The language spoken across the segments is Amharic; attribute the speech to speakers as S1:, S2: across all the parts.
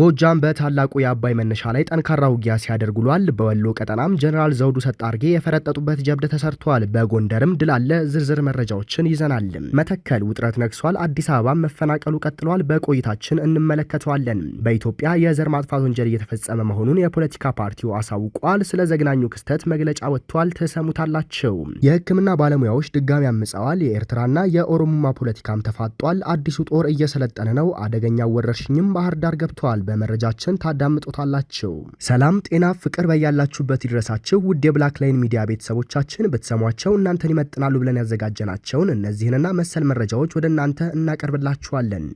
S1: ጎጃም በታላቁ የአባይ መነሻ ላይ ጠንካራ ውጊያ ሲያደርግ ውሏል። በወሎ ቀጠናም ጀኔራል ዘውዱ ሰጣርጌ የፈረጠጡበት ጀብድ ተሰርቷል። በጎንደርም ድል አለ። ዝርዝር መረጃዎችን ይዘናል። መተከል ውጥረት ነግሷል። አዲስ አበባ መፈናቀሉ ቀጥሏል። በቆይታችን እንመለከተዋለን። በኢትዮጵያ የዘር ማጥፋት ወንጀል እየተፈጸመ መሆኑን የፖለቲካ ፓርቲው አሳውቋል። ስለ ዘግናኙ ክስተት መግለጫ ወጥቷል። ተሰሙታላቸው። የሕክምና ባለሙያዎች ድጋሚ አምፀዋል። የኤርትራና የኦሮሞማ ፖለቲካም ተፋጧል። አዲሱ ጦር እየሰለጠነ ነው። አደገኛው ወረርሽኝም ባህር ዳር ገብቷል። በመረጃችን ታዳምጡታላችሁ። ሰላም፣ ጤና፣ ፍቅር በያላችሁበት ይድረሳችሁ። ውድ የብላክ ላይን ሚዲያ ቤተሰቦቻችን ብትሰሟቸው እናንተን ይመጥናሉ ብለን ያዘጋጀናቸውን እነዚህንና መሰል መረጃዎች ወደ እናንተ እናቀርብላችኋለን።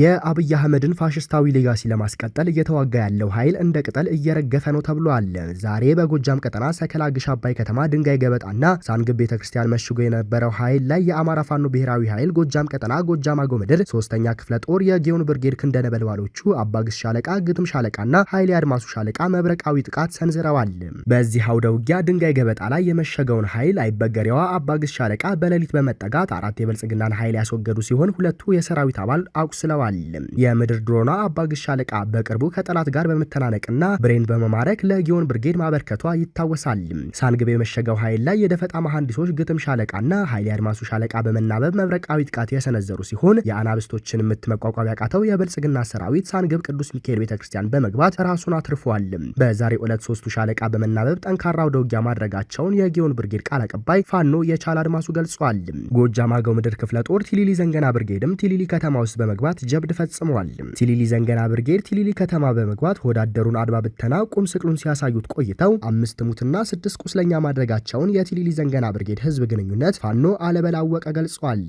S1: የአብይ አህመድን ፋሽስታዊ ሌጋሲ ለማስቀጠል እየተዋጋ ያለው ኃይል እንደ ቅጠል እየረገፈ ነው ተብሏል። ዛሬ በጎጃም ቀጠና ሰከላ ግሽ አባይ ከተማ ድንጋይ ገበጣና ሳንግብ ቤተ ክርስቲያን መሽጎ የነበረው ኃይል ላይ የአማራ ፋኖ ብሔራዊ ኃይል ጎጃም ቀጠና ጎጃም አገው ምድር ሶስተኛ ክፍለ ጦር የጊዮን ብርጌድ ክንደነበልባሎቹ አባግስ ሻለቃ ግትም ሻለቃና ኃይሌ አድማሱ ሻለቃ መብረቃዊ ጥቃት ሰንዝረዋል። በዚህ አውደ ውጊያ ድንጋይ ገበጣ ላይ የመሸገውን ኃይል አይበገሬዋ አባግስ ሻለቃ በሌሊት በመጠጋት አራት የብልጽግናን ኃይል ያስወገዱ ሲሆን ሁለቱ የሰራዊት አባል አቁስለዋል። ተናግረዋል። የምድር ድሮኗ አባግሽ አለቃ በቅርቡ ከጠላት ጋር በመተናነቅና ብሬን በመማረክ ለጊዮን ብርጌድ ማበርከቷ ይታወሳል። ሳንግቤ የመሸገው ኃይል ላይ የደፈጣ መሐንዲሶች ግጥም ሻለቃና ኃይሌ አድማሱ ሻለቃ በመናበብ መብረቃዊ ጥቃት የሰነዘሩ ሲሆን የአናብስቶችን ምት መቋቋም ያቃተው የብልጽግና ሰራዊት ሳንግብ ቅዱስ ሚካኤል ቤተክርስቲያን በመግባት ራሱን አትርፏል። በዛሬ ዕለት ሶስቱ ሻለቃ በመናበብ ጠንካራ ወደ ውጊያ ማድረጋቸውን የጊዮን ብርጌድ ቃል አቀባይ ፋኖ የቻል አድማሱ ገልጿል። ጎጃም አገው ምድር ክፍለ ጦር ቲሊሊ ዘንገና ብርጌድም ቲሊሊ ከተማ ውስጥ በመግባት ጀብድ ፈጽመዋል። ቲሊሊ ዘንገና ብርጌድ ቲሊሊ ከተማ በመግባት ወዳደሩን አድባ ብተና ቁም ስቅሉን ሲያሳዩት ቆይተው አምስት ሙትና ስድስት ቁስለኛ ማድረጋቸውን የቲሊሊ ዘንገና ብርጌድ ህዝብ ግንኙነት ፋኖ አለበላወቀ ገልጿል።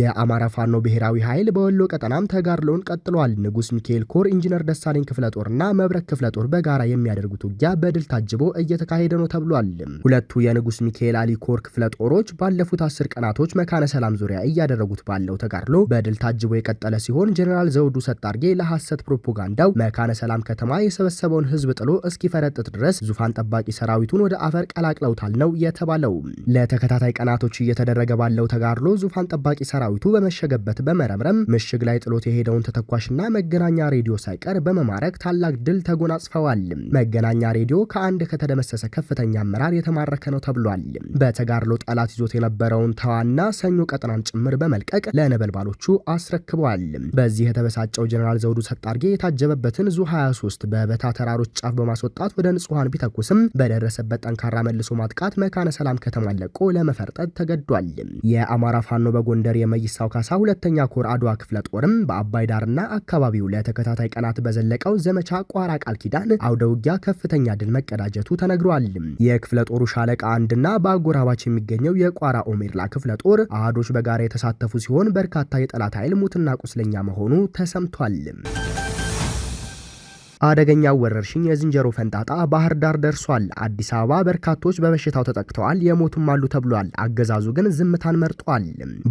S1: የአማራ ፋኖ ብሔራዊ ኃይል በወሎ ቀጠናም ተጋድሎውን ቀጥሏል። ንጉስ ሚካኤል ኮር ኢንጂነር ደሳለኝ ክፍለ ጦርና መብረክ ክፍለ ጦር በጋራ የሚያደርጉት ውጊያ በድል ታጅቦ እየተካሄደ ነው ተብሏል። ሁለቱ የንጉስ ሚካኤል አሊ ኮር ክፍለ ጦሮች ባለፉት አስር ቀናቶች መካነ ሰላም ዙሪያ እያደረጉት ባለው ተጋድሎ በድል ታጅቦ የቀጠለ ሲሆን ጀኔራል ዘውዱ ሰጣርጌ ለሐሰት ፕሮፓጋንዳው መካነ ሰላም ከተማ የሰበሰበውን ህዝብ ጥሎ እስኪፈረጥጥ ድረስ ዙፋን ጠባቂ ሰራዊቱን ወደ አፈር ቀላቅለውታል ነው የተባለው። ለተከታታይ ቀናቶች እየተደረገ ባለው ተጋድሎ ዙፋን ጠባቂ ሰራዊቱ በመሸገበት በመረምረም ምሽግ ላይ ጥሎት የሄደውን ተተኳሽና መገናኛ ሬዲዮ ሳይቀር በመማረክ ታላቅ ድል ተጎናጽፈዋል። መገናኛ ሬዲዮ ከአንድ ከተደመሰሰ ከፍተኛ አመራር የተማረከ ነው ተብሏል። በተጋድሎ ጠላት ይዞት የነበረውን ተዋና ሰኞ ቀጠናን ጭምር በመልቀቅ ለነበልባሎቹ አስረክበዋል። በዚህ በዚህ የተበሳጨው ጀኔራል ዘውዱ ሰጣርጌ የታጀበበትን ዙ 23 በበታ ተራሮች ጫፍ በማስወጣት ወደ ንጹሐን ቢተኩስም በደረሰበት ጠንካራ መልሶ ማጥቃት መካነ ሰላም ከተማ ለቆ ለመፈርጠት ተገዷል። የአማራ ፋኖ በጎንደር የመይሳው ካሳ ሁለተኛ ኮር አድዋ ክፍለ ጦርም በአባይ ዳርና አካባቢው ለተከታታይ ቀናት በዘለቀው ዘመቻ ቋራ ቃል ኪዳን አውደ ውጊያ ከፍተኛ ድል መቀዳጀቱ ተነግሯል። የክፍለ ጦሩ ሻለቃ አንድና በአጎራባች የሚገኘው የቋራ ኦሜርላ ክፍለ ጦር አህዶች በጋራ የተሳተፉ ሲሆን በርካታ የጠላት ኃይል ሙትና ቁስለኛ መሆኑ መሆኑ ተሰምቷልም። አደገኛው ወረርሽኝ የዝንጀሮ ፈንጣጣ ባህር ዳር ደርሷል። አዲስ አበባ በርካቶች በበሽታው ተጠቅተዋል፣ የሞቱም አሉ ተብሏል። አገዛዙ ግን ዝምታን መርጧል።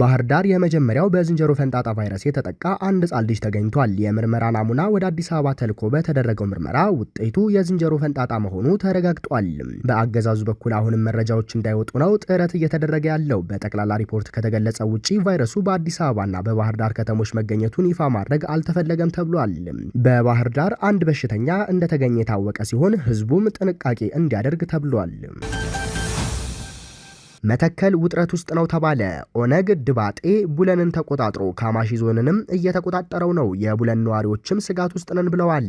S1: ባህር ዳር የመጀመሪያው በዝንጀሮ ፈንጣጣ ቫይረስ የተጠቃ አንድ ህጻን ልጅ ተገኝቷል። የምርመራ ናሙና ወደ አዲስ አበባ ተልኮ በተደረገው ምርመራ ውጤቱ የዝንጀሮ ፈንጣጣ መሆኑ ተረጋግጧል። በአገዛዙ በኩል አሁንም መረጃዎች እንዳይወጡ ነው ጥረት እየተደረገ ያለው። በጠቅላላ ሪፖርት ከተገለጸ ውጪ ቫይረሱ በአዲስ አበባና በባህር ዳር ከተሞች መገኘቱን ይፋ ማድረግ አልተፈለገም ተብሏል። በባህር ዳር አንድ በ በሽተኛ እንደተገኘ የታወቀ ሲሆን ህዝቡም ጥንቃቄ እንዲያደርግ ተብሏል። መተከል ውጥረት ውስጥ ነው ተባለ። ኦነግ ድባጤ ቡለንን ተቆጣጥሮ ካማሺ ዞንንም እየተቆጣጠረው ነው። የቡለን ነዋሪዎችም ስጋት ውስጥ ነን ብለዋል።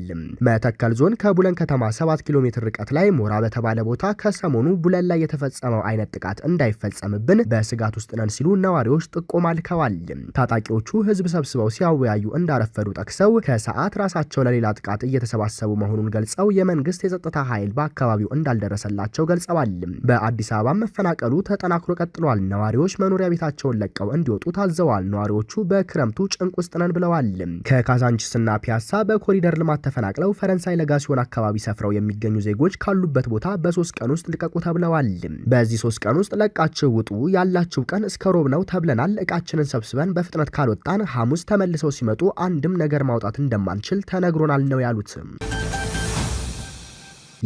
S1: መተከል ዞን ከቡለን ከተማ 7 ኪሎ ሜትር ርቀት ላይ ሞራ በተባለ ቦታ ከሰሞኑ ቡለን ላይ የተፈጸመው አይነት ጥቃት እንዳይፈጸምብን በስጋት ውስጥ ነን ሲሉ ነዋሪዎች ጥቆማ ልከዋል። ታጣቂዎቹ ህዝብ ሰብስበው ሲያወያዩ እንዳረፈዱ ጠቅሰው ከሰዓት ራሳቸው ለሌላ ጥቃት እየተሰባሰቡ መሆኑን ገልጸው የመንግስት የጸጥታ ኃይል በአካባቢው እንዳልደረሰላቸው ገልጸዋል። በአዲስ አበባ መፈናቀሉ ተጠናክሮ ቀጥሏል። ነዋሪዎች መኖሪያ ቤታቸውን ለቀው እንዲወጡ ታዘዋል። ነዋሪዎቹ በክረምቱ ጭንቅ ውስጥ ነን ብለዋል። ከካዛንችስና ፒያሳ በኮሪደር ልማት ተፈናቅለው ፈረንሳይ ለጋሲዮን አካባቢ ሰፍረው የሚገኙ ዜጎች ካሉበት ቦታ በሶስት ቀን ውስጥ ልቀቁ ተብለዋል። በዚህ ሶስት ቀን ውስጥ ለቃችሁ ውጡ ያላችሁ ቀን እስከ ሮብ ነው ተብለናል። እቃችንን ሰብስበን በፍጥነት ካልወጣን ሐሙስ ተመልሰው ሲመጡ አንድም ነገር ማውጣት እንደማንችል ተነግሮናል ነው ያሉት።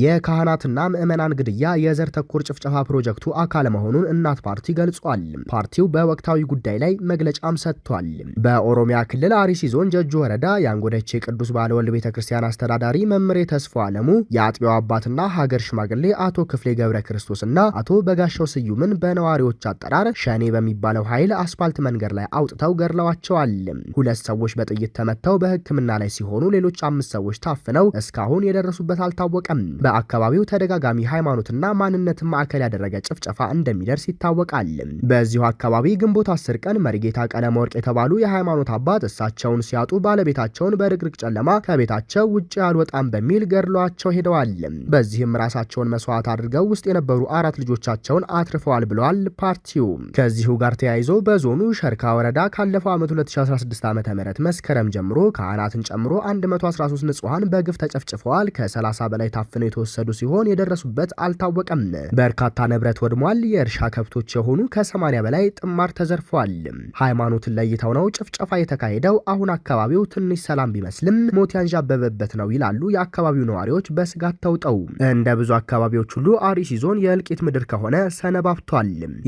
S1: የካህናትና ምዕመናን ግድያ የዘር ተኮር ጭፍጨፋ ፕሮጀክቱ አካል መሆኑን እናት ፓርቲ ገልጿል። ፓርቲው በወቅታዊ ጉዳይ ላይ መግለጫም ሰጥቷል። በኦሮሚያ ክልል አሪሲ ዞን ጀጁ ወረዳ የአንጎደቼ ቅዱስ ባለወልድ ቤተ ክርስቲያን አስተዳዳሪ መምሬ ተስፎ አለሙ የአጥቢያው አባትና ሀገር ሽማግሌ አቶ ክፍሌ ገብረ ክርስቶስና አቶ በጋሻው ስዩምን በነዋሪዎች አጠራር ሸኔ በሚባለው ኃይል አስፋልት መንገድ ላይ አውጥተው ገድለዋቸዋል። ሁለት ሰዎች በጥይት ተመተው በሕክምና ላይ ሲሆኑ ሌሎች አምስት ሰዎች ታፍነው እስካሁን የደረሱበት አልታወቀም። በአካባቢው ተደጋጋሚ ሃይማኖትና ማንነትን ማዕከል ያደረገ ጭፍጨፋ እንደሚደርስ ይታወቃል። በዚሁ አካባቢ ግንቦት አስር ቀን መርጌታ ቀለመ ወርቅ የተባሉ የሃይማኖት አባት እሳቸውን ሲያጡ ባለቤታቸውን በርቅርቅ ጨለማ ከቤታቸው ውጭ አልወጣም በሚል ገድሏቸው ሄደዋል። በዚህም ራሳቸውን መስዋዕት አድርገው ውስጥ የነበሩ አራት ልጆቻቸውን አትርፈዋል ብለዋል ፓርቲው። ከዚሁ ጋር ተያይዞ በዞኑ ሸርካ ወረዳ ካለፈው ዓመት 2016 ዓ ም መስከረም ጀምሮ ካህናትን ጨምሮ 113 ንጹሐን በግፍ ተጨፍጭፈዋል። ከ30 በላይ ታፍነው የተወሰዱ ሲሆን የደረሱበት አልታወቀም። በርካታ ንብረት ወድሟል። የእርሻ ከብቶች የሆኑ ከ80 በላይ ጥማር ተዘርፈዋል። ሃይማኖትን ለይተው ነው ጭፍጨፋ የተካሄደው። አሁን አካባቢው ትንሽ ሰላም ቢመስልም ሞት ያንዣበበበት ነው ይላሉ የአካባቢው ነዋሪዎች በስጋት ተውጠው። እንደ ብዙ አካባቢዎች ሁሉ አርሲ ዞን የእልቂት ምድር ከሆነ ሰነባብቷል።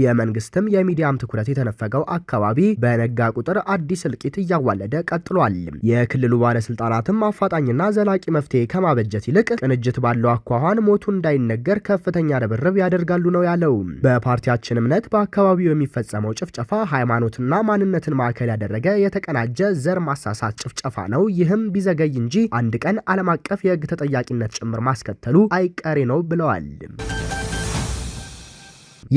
S1: የመንግስትም የሚዲያም ትኩረት የተነፈገው አካባቢ በነጋ ቁጥር አዲስ እልቂት እያዋለደ ቀጥሏል። የክልሉ ባለስልጣናትም አፋጣኝና ዘላቂ መፍትሄ ከማበጀት ይልቅ ቅንጅት ባለው አኳኋን ሞቱ እንዳይነገር ከፍተኛ ርብርብ ያደርጋሉ ነው ያለው። በፓርቲያችን እምነት በአካባቢው የሚፈጸመው ጭፍጨፋ ሃይማኖትና ማንነትን ማዕከል ያደረገ የተቀናጀ ዘር ማሳሳት ጭፍጨፋ ነው። ይህም ቢዘገይ እንጂ አንድ ቀን ዓለም አቀፍ የህግ ተጠያቂነት ጭምር ማስከተሉ አይቀሬ ነው ብለዋል።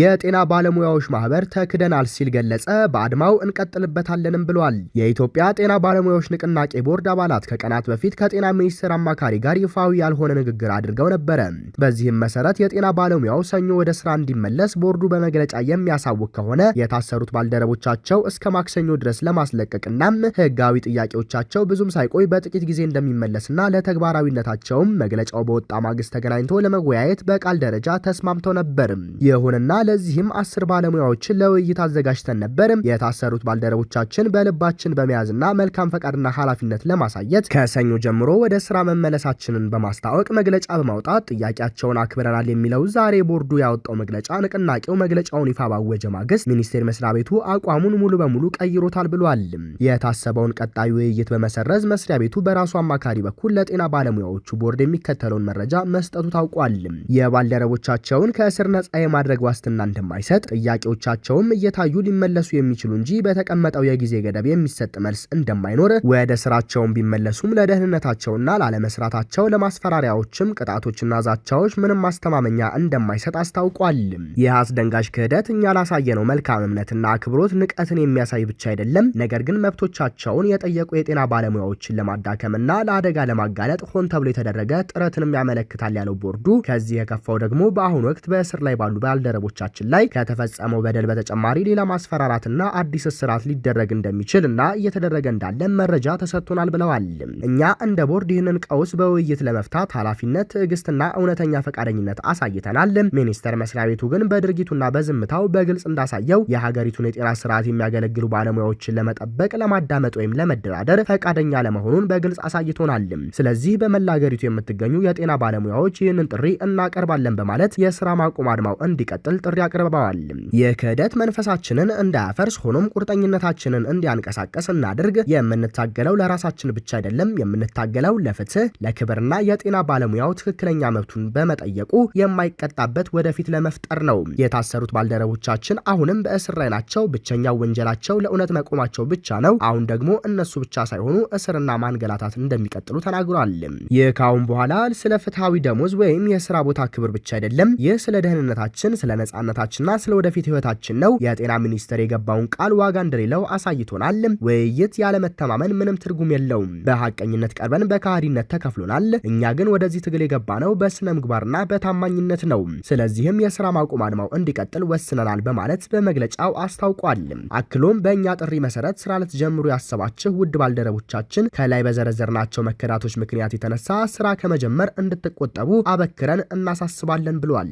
S1: የጤና ባለሙያዎች ማህበር ተክደናል ሲል ገለጸ። በአድማው እንቀጥልበታለንም ብሏል። የኢትዮጵያ ጤና ባለሙያዎች ንቅናቄ ቦርድ አባላት ከቀናት በፊት ከጤና ሚኒስቴር አማካሪ ጋር ይፋዊ ያልሆነ ንግግር አድርገው ነበረ። በዚህም መሰረት የጤና ባለሙያው ሰኞ ወደ ስራ እንዲመለስ ቦርዱ በመግለጫ የሚያሳውቅ ከሆነ የታሰሩት ባልደረቦቻቸው እስከ ማክሰኞ ድረስ ለማስለቀቅናም ህጋዊ ጥያቄዎቻቸው ብዙም ሳይቆይ በጥቂት ጊዜ እንደሚመለስና ለተግባራዊነታቸውም መግለጫው በወጣ ማግስት ተገናኝቶ ለመወያየት በቃል ደረጃ ተስማምተው ነበር። ይሁንና ለዚህም አስር ባለሙያዎችን ለውይይት አዘጋጅተን ነበርም። የታሰሩት ባልደረቦቻችን በልባችን በመያዝና መልካም ፈቃድና ኃላፊነት ለማሳየት ከሰኞ ጀምሮ ወደ ስራ መመለሳችንን በማስታወቅ መግለጫ በማውጣት ጥያቄያቸውን አክብረናል የሚለው ዛሬ ቦርዱ ያወጣው መግለጫ ንቅናቄው መግለጫውን ይፋ ባወጀ ማግስት ሚኒስቴር መስሪያ ቤቱ አቋሙን ሙሉ በሙሉ ቀይሮታል ብሏል። የታሰበውን ቀጣይ ውይይት በመሰረዝ መስሪያ ቤቱ በራሱ አማካሪ በኩል ለጤና ባለሙያዎቹ ቦርድ የሚከተለውን መረጃ መስጠቱ ታውቋል። የባልደረቦቻቸውን ከእስር ነጻ የማድረግ ዋስትና ዋስትና እንደማይሰጥ ጥያቄዎቻቸውም እየታዩ ሊመለሱ የሚችሉ እንጂ በተቀመጠው የጊዜ ገደብ የሚሰጥ መልስ እንደማይኖር ወደ ስራቸውን ቢመለሱም ለደህንነታቸውና ላለመስራታቸው ለማስፈራሪያዎችም ቅጣቶችና ዛቻዎች ምንም ማስተማመኛ እንደማይሰጥ አስታውቋል። ይህ አስደንጋጭ ክህደት እኛ ላሳየነው መልካም እምነትና አክብሮት ንቀትን የሚያሳይ ብቻ አይደለም፣ ነገር ግን መብቶቻቸውን የጠየቁ የጤና ባለሙያዎችን ለማዳከምና ለአደጋ ለማጋለጥ ሆን ተብሎ የተደረገ ጥረትንም ያመለክታል ያለው ቦርዱ ከዚህ የከፋው ደግሞ በአሁኑ ወቅት በእስር ላይ ባሉ ባልደረቦች ተማሪዎቻችን ላይ ከተፈጸመው በደል በተጨማሪ ሌላ ማስፈራራትና አዲስ እስራት ሊደረግ እንደሚችል እና እየተደረገ እንዳለ መረጃ ተሰጥቶናል ብለዋል። እኛ እንደ ቦርድ ይህንን ቀውስ በውይይት ለመፍታት ኃላፊነት፣ ትዕግስትና እውነተኛ ፈቃደኝነት አሳይተናል። ሚኒስቴር መስሪያ ቤቱ ግን በድርጊቱና በዝምታው በግልጽ እንዳሳየው የሀገሪቱን የጤና ስርዓት የሚያገለግሉ ባለሙያዎችን ለመጠበቅ ለማዳመጥ ወይም ለመደራደር ፈቃደኛ ለመሆኑን በግልጽ አሳይቶናል። ስለዚህ በመላ ሀገሪቱ የምትገኙ የጤና ባለሙያዎች ይህንን ጥሪ እናቀርባለን በማለት የስራ ማቆም አድማው እንዲቀጥል ጥሪ አቅርበዋል። የክህደት መንፈሳችንን እንዳያፈርስ ሆኖም ቁርጠኝነታችንን እንዲያንቀሳቀስ እናድርግ። የምንታገለው ለራሳችን ብቻ አይደለም። የምንታገለው ለፍትህ፣ ለክብርና የጤና ባለሙያው ትክክለኛ መብቱን በመጠየቁ የማይቀጣበት ወደፊት ለመፍጠር ነው። የታሰሩት ባልደረቦቻችን አሁንም በእስር ላይ ናቸው። ብቸኛው ወንጀላቸው ለእውነት መቆማቸው ብቻ ነው። አሁን ደግሞ እነሱ ብቻ ሳይሆኑ እስርና ማንገላታት እንደሚቀጥሉ ተናግሯል። ይህ ከአሁን በኋላ ስለ ፍትሐዊ ደሞዝ ወይም የስራ ቦታ ክብር ብቻ አይደለም። ይህ ስለ ደህንነታችን፣ ስለ ነጻ ነጻነታችንና ስለ ወደፊት ህይወታችን ነው። የጤና ሚኒስቴር የገባውን ቃል ዋጋ እንደሌለው አሳይቶናል። ውይይት ያለመተማመን ምንም ትርጉም የለውም። በሀቀኝነት ቀርበን በካሃዲነት ተከፍሎናል። እኛ ግን ወደዚህ ትግል የገባ ነው በስነ ምግባርና በታማኝነት ነው። ስለዚህም የስራ ማቆም አድማው እንዲቀጥል ወስነናል በማለት በመግለጫው አስታውቋል። አክሎም በእኛ ጥሪ መሰረት ስራ ልትጀምሩ ያሰባችሁ ውድ ባልደረቦቻችን ከላይ በዘረዘርናቸው መከዳቶች ምክንያት የተነሳ ስራ ከመጀመር እንድትቆጠቡ አበክረን እናሳስባለን ብሏል።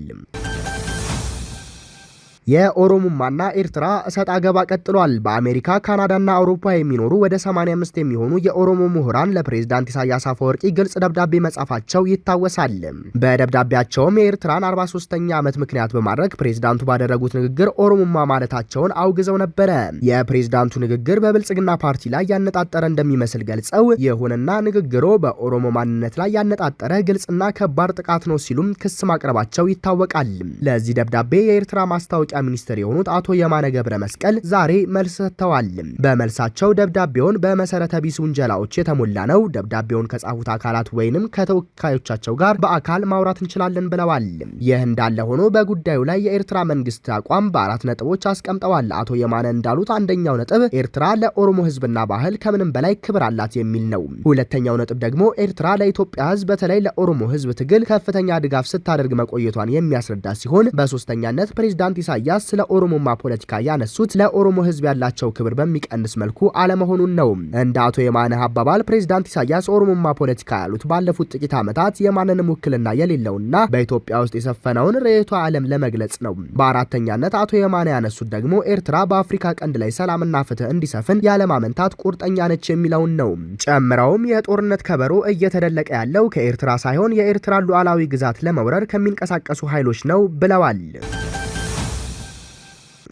S1: የኦሮሙማና ኤርትራ እሰጥ አገባ ቀጥሏል። በአሜሪካ ካናዳና አውሮፓ የሚኖሩ ወደ 85 የሚሆኑ የኦሮሞ ምሁራን ለፕሬዝዳንት ኢሳያስ አፈወርቂ ግልጽ ደብዳቤ መጻፋቸው ይታወሳል። በደብዳቤያቸውም የኤርትራን 43ኛ ዓመት ምክንያት በማድረግ ፕሬዝዳንቱ ባደረጉት ንግግር ኦሮሙማ ማለታቸውን አውግዘው ነበረ። የፕሬዝዳንቱ ንግግር በብልጽግና ፓርቲ ላይ ያነጣጠረ እንደሚመስል ገልጸው፣ ይሁንና ንግግሩ በኦሮሞ ማንነት ላይ ያነጣጠረ ግልጽና ከባድ ጥቃት ነው ሲሉም ክስ ማቅረባቸው ይታወቃል። ለዚህ ደብዳቤ የኤርትራ ማስታወቂያ ሚኒስትር የሆኑት አቶ የማነ ገብረ መስቀል ዛሬ መልስ ሰጥተዋል። በመልሳቸው ደብዳቤውን በመሰረተ ቢስ ውንጀላዎች የተሞላ ነው፣ ደብዳቤውን ከጻፉት አካላት ወይንም ከተወካዮቻቸው ጋር በአካል ማውራት እንችላለን ብለዋል። ይህ እንዳለ ሆኖ በጉዳዩ ላይ የኤርትራ መንግስት አቋም በአራት ነጥቦች አስቀምጠዋል። አቶ የማነ እንዳሉት አንደኛው ነጥብ ኤርትራ ለኦሮሞ ህዝብና ባህል ከምንም በላይ ክብር አላት የሚል ነው። ሁለተኛው ነጥብ ደግሞ ኤርትራ ለኢትዮጵያ ህዝብ በተለይ ለኦሮሞ ህዝብ ትግል ከፍተኛ ድጋፍ ስታደርግ መቆየቷን የሚያስረዳ ሲሆን በሶስተኛነት ፕሬዚዳንት ኢሳያስ ኢሳያስ ስለ ኦሮሞማ ፖለቲካ ያነሱት ለኦሮሞ ህዝብ ያላቸው ክብር በሚቀንስ መልኩ አለመሆኑን ነው። እንደ አቶ የማነህ አባባል ፕሬዚዳንት ኢሳያስ ኦሮሞማ ፖለቲካ ያሉት ባለፉት ጥቂት ዓመታት የማንንም ውክልና የሌለውና በኢትዮጵያ ውስጥ የሰፈነውን ርዕዮተ ዓለም ለመግለጽ ነው። በአራተኛነት አቶ የማነ ያነሱት ደግሞ ኤርትራ በአፍሪካ ቀንድ ላይ ሰላምና ፍትህ እንዲሰፍን ያለማመንታት ቁርጠኛ ነች የሚለውን ነው። ጨምረውም የጦርነት ከበሮ እየተደለቀ ያለው ከኤርትራ ሳይሆን የኤርትራ ሉዓላዊ ግዛት ለመውረር ከሚንቀሳቀሱ ኃይሎች ነው ብለዋል።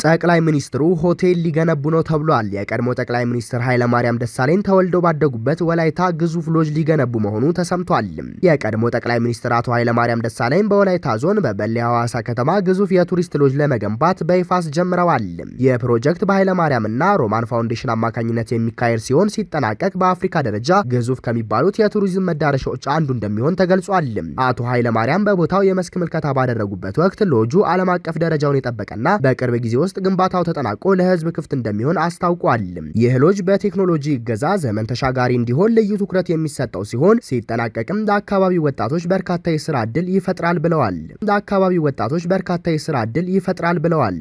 S1: ጠቅላይ ሚኒስትሩ ሆቴል ሊገነቡ ነው ተብሏል። የቀድሞ ጠቅላይ ሚኒስትር ኃይለማርያም ደሳለኝ ተወልደው ባደጉበት ወላይታ ግዙፍ ሎጅ ሊገነቡ መሆኑ ተሰምቷል። የቀድሞ ጠቅላይ ሚኒስትር አቶ ኃይለማርያም ደሳለኝ በወላይታ ዞን በበሌ ሐዋሳ ከተማ ግዙፍ የቱሪስት ሎጅ ለመገንባት በይፋስ ጀምረዋል። ይህ ፕሮጀክት በኃይለማርያምና ሮማን ፋውንዴሽን አማካኝነት የሚካሄድ ሲሆን ሲጠናቀቅ በአፍሪካ ደረጃ ግዙፍ ከሚባሉት የቱሪዝም መዳረሻዎች አንዱ እንደሚሆን ተገልጿል። አቶ ኃይለማርያም በቦታው የመስክ ምልከታ ባደረጉበት ወቅት ሎጁ ዓለም አቀፍ ደረጃውን የጠበቀና በቅርብ ጊዜ ውስጥ ግንባታው ተጠናቆ ለህዝብ ክፍት እንደሚሆን አስታውቋል። ይህ ሎጅ በቴክኖሎጂ እገዛ ዘመን ተሻጋሪ እንዲሆን ልዩ ትኩረት የሚሰጠው ሲሆን ሲጠናቀቅም ለአካባቢ ወጣቶች በርካታ የስራ ዕድል ይፈጥራል ብለዋል። ለአካባቢ ወጣቶች በርካታ የስራ ዕድል ይፈጥራል ብለዋል።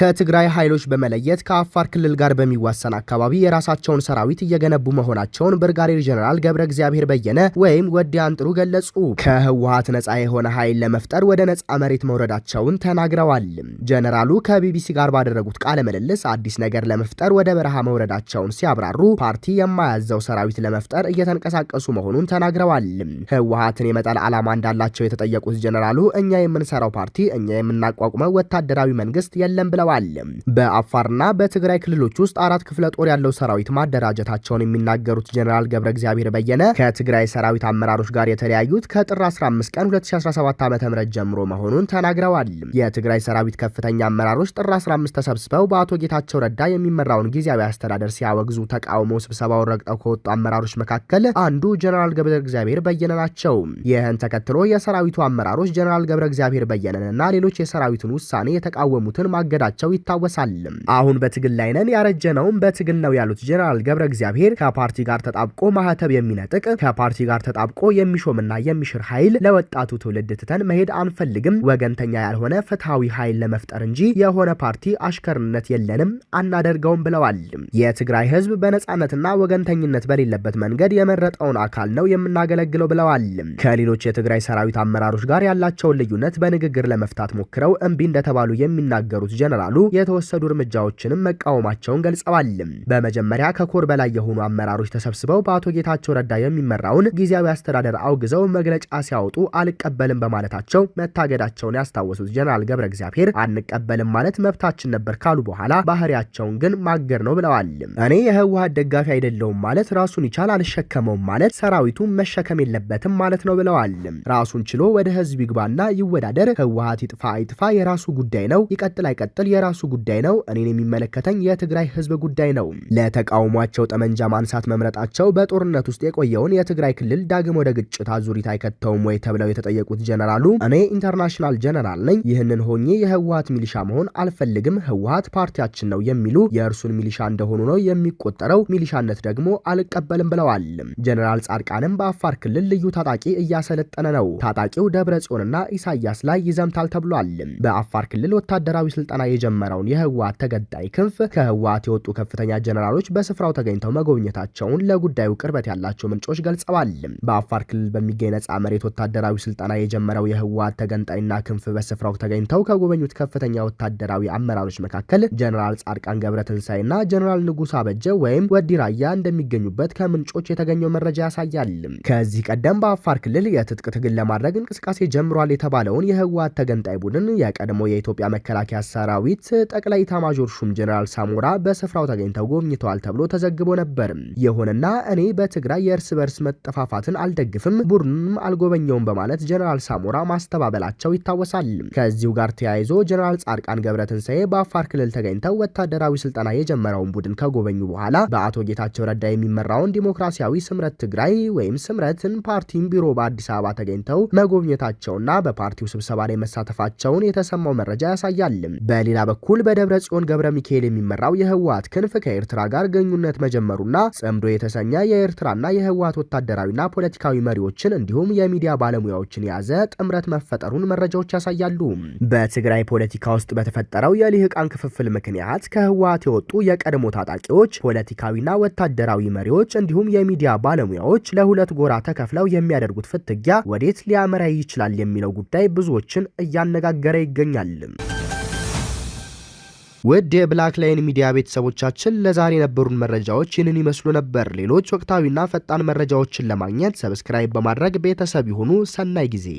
S1: ከትግራይ ኃይሎች በመለየት ከአፋር ክልል ጋር በሚዋሰን አካባቢ የራሳቸውን ሰራዊት እየገነቡ መሆናቸውን ብርጋዴር ጀነራል ገብረ እግዚአብሔር በየነ ወይም ወዲ አንጥሩ ገለጹ። ከህወሀት ነጻ የሆነ ኃይል ለመፍጠር ወደ ነጻ መሬት መውረዳቸውን ተናግረዋል። ጀነራሉ ከቢቢሲ ጋር ባደረጉት ቃለ ምልልስ አዲስ ነገር ለመፍጠር ወደ በረሃ መውረዳቸውን ሲያብራሩ ፓርቲ የማያዘው ሰራዊት ለመፍጠር እየተንቀሳቀሱ መሆኑን ተናግረዋል። ህወሀትን የመጣል ዓላማ እንዳላቸው የተጠየቁት ጀነራሉ እኛ የምንሰራው ፓርቲ እኛ የምናቋቁመው ወታደራዊ መንግስት የለም ብለዋል። ገልጸዋል። በአፋርና በትግራይ ክልሎች ውስጥ አራት ክፍለ ጦር ያለው ሰራዊት ማደራጀታቸውን የሚናገሩት ጀኔራል ገብረ እግዚአብሔር በየነ ከትግራይ ሰራዊት አመራሮች ጋር የተለያዩት ከጥር 15 ቀን 2017 ዓ.ም ጀምሮ መሆኑን ተናግረዋል። የትግራይ ሰራዊት ከፍተኛ አመራሮች ጥር 15 ተሰብስበው በአቶ ጌታቸው ረዳ የሚመራውን ጊዜያዊ አስተዳደር ሲያወግዙ ተቃውሞ ስብሰባውን ረግጠው ከወጡ አመራሮች መካከል አንዱ ጀኔራል ገብረ እግዚአብሔር በየነ ናቸው። ይህን ተከትሎ የሰራዊቱ አመራሮች ጀኔራል ገብረ እግዚአብሔር በየነንና ሌሎች የሰራዊቱን ውሳኔ የተቃወሙትን ማገዳቸው መሆናቸው ይታወሳል። አሁን በትግል ላይ ነን፣ ያረጀነውም በትግል ነው ያሉት ጀነራል ገብረ እግዚአብሔር ከፓርቲ ጋር ተጣብቆ ማህተብ የሚነጥቅ ከፓርቲ ጋር ተጣብቆ የሚሾምና የሚሽር ኃይል ለወጣቱ ትውልድ ትተን መሄድ አንፈልግም። ወገንተኛ ያልሆነ ፍትሐዊ ኃይል ለመፍጠር እንጂ የሆነ ፓርቲ አሽከርነት የለንም፣ አናደርገውም ብለዋል። የትግራይ ህዝብ በነጻነትና ወገንተኝነት በሌለበት መንገድ የመረጠውን አካል ነው የምናገለግለው ብለዋል። ከሌሎች የትግራይ ሰራዊት አመራሮች ጋር ያላቸውን ልዩነት በንግግር ለመፍታት ሞክረው እምቢ እንደተባሉ የሚናገሩት ጀነራል የተባሉ የተወሰዱ እርምጃዎችንም መቃወማቸውን ገልጸዋል። በመጀመሪያ ከኮር በላይ የሆኑ አመራሮች ተሰብስበው በአቶ ጌታቸው ረዳ የሚመራውን ጊዜያዊ አስተዳደር አውግዘው መግለጫ ሲያወጡ አልቀበልም በማለታቸው መታገዳቸውን ያስታወሱት ጀነራል ገብረ እግዚአብሔር አንቀበልም ማለት መብታችን ነበር ካሉ በኋላ ባህሪያቸውን ግን ማገር ነው ብለዋል። እኔ የህወሀት ደጋፊ አይደለውም ማለት ራሱን ይቻል አልሸከመውም ማለት ሰራዊቱ መሸከም የለበትም ማለት ነው ብለዋል። ራሱን ችሎ ወደ ህዝብ ይግባና ይወዳደር፣ ህወሀት ይጥፋ አይጥፋ የራሱ ጉዳይ ነው፣ ይቀጥል አይቀጥል የራሱ ጉዳይ ነው፣ እኔን የሚመለከተኝ የትግራይ ህዝብ ጉዳይ ነው። ለተቃውሟቸው ጠመንጃ ማንሳት መምረጣቸው በጦርነት ውስጥ የቆየውን የትግራይ ክልል ዳግም ወደ ግጭት አዙሪት አይከተውም ወይ ተብለው የተጠየቁት ጀነራሉ እኔ ኢንተርናሽናል ጀነራል ነኝ፣ ይህንን ሆኜ የህወሀት ሚሊሻ መሆን አልፈልግም፣ ህወሀት ፓርቲያችን ነው የሚሉ የእርሱን ሚሊሻ እንደሆኑ ነው የሚቆጠረው፣ ሚሊሻነት ደግሞ አልቀበልም ብለዋል። ጀነራል ጻድቃንም በአፋር ክልል ልዩ ታጣቂ እያሰለጠነ ነው፣ ታጣቂው ደብረ ጽዮንና ኢሳያስ ላይ ይዘምታል ተብሏል። በአፋር ክልል ወታደራዊ ስልጠና የጀመረውን የህወሓት ተገዳይ ክንፍ ከህወሓት የወጡ ከፍተኛ ጀነራሎች በስፍራው ተገኝተው መጎብኘታቸውን ለጉዳዩ ቅርበት ያላቸው ምንጮች ገልጸዋል። በአፋር ክልል በሚገኝ ነጻ መሬት ወታደራዊ ስልጠና የጀመረው የህወሓት ተገንጣይና ክንፍ በስፍራው ተገኝተው ከጎበኙት ከፍተኛ ወታደራዊ አመራሮች መካከል ጀነራል ጻድቃን ገብረትንሳኤና ጀነራል ንጉስ አበጀ ወይም ወዲ ራያ እንደሚገኙበት ከምንጮች የተገኘው መረጃ ያሳያል። ከዚህ ቀደም በአፋር ክልል የትጥቅ ትግል ለማድረግ እንቅስቃሴ ጀምሯል የተባለውን የህወሓት ተገንጣይ ቡድን የቀድሞ የኢትዮጵያ መከላከያ ሰራዊ ሰራዊት ጠቅላይ ኢታማዦር ሹም ጀኔራል ሳሞራ በስፍራው ተገኝተው ጎብኝተዋል ተብሎ ተዘግቦ ነበር። ይሁንና እኔ በትግራይ የእርስ በርስ መጠፋፋትን አልደግፍም፣ ቡድኑንም አልጎበኘውም በማለት ጀኔራል ሳሞራ ማስተባበላቸው ይታወሳል። ከዚሁ ጋር ተያይዞ ጀኔራል ጻድቃን ገብረትንሳኤ በአፋር ክልል ተገኝተው ወታደራዊ ስልጠና የጀመረውን ቡድን ከጎበኙ በኋላ በአቶ ጌታቸው ረዳ የሚመራውን ዲሞክራሲያዊ ስምረት ትግራይ ወይም ስምረትን ፓርቲን ቢሮ በአዲስ አበባ ተገኝተው መጎብኘታቸውና በፓርቲው ስብሰባ ላይ መሳተፋቸውን የተሰማው መረጃ ያሳያል። በሌላ በሌላ በኩል በደብረ ጽዮን ገብረ ሚካኤል የሚመራው የህወሀት ክንፍ ከኤርትራ ጋር ግንኙነት መጀመሩና ጸምዶ የተሰኘ የኤርትራና የህወሀት ወታደራዊና ፖለቲካዊ መሪዎችን እንዲሁም የሚዲያ ባለሙያዎችን የያዘ ጥምረት መፈጠሩን መረጃዎች ያሳያሉ። በትግራይ ፖለቲካ ውስጥ በተፈጠረው የልሂቃን ክፍፍል ምክንያት ከህወሀት የወጡ የቀድሞ ታጣቂዎች፣ ፖለቲካዊና ወታደራዊ መሪዎች እንዲሁም የሚዲያ ባለሙያዎች ለሁለት ጎራ ተከፍለው የሚያደርጉት ፍትጊያ ወዴት ሊያመራ ይችላል የሚለው ጉዳይ ብዙዎችን እያነጋገረ ይገኛል። ውድ የብላክ ላይን ሚዲያ ቤተሰቦቻችን ለዛሬ የነበሩን መረጃዎች ይህንን ይመስሉ ነበር። ሌሎች ወቅታዊና ፈጣን መረጃዎችን ለማግኘት ሰብስክራይብ በማድረግ ቤተሰብ ይሁኑ። ሰናይ ጊዜ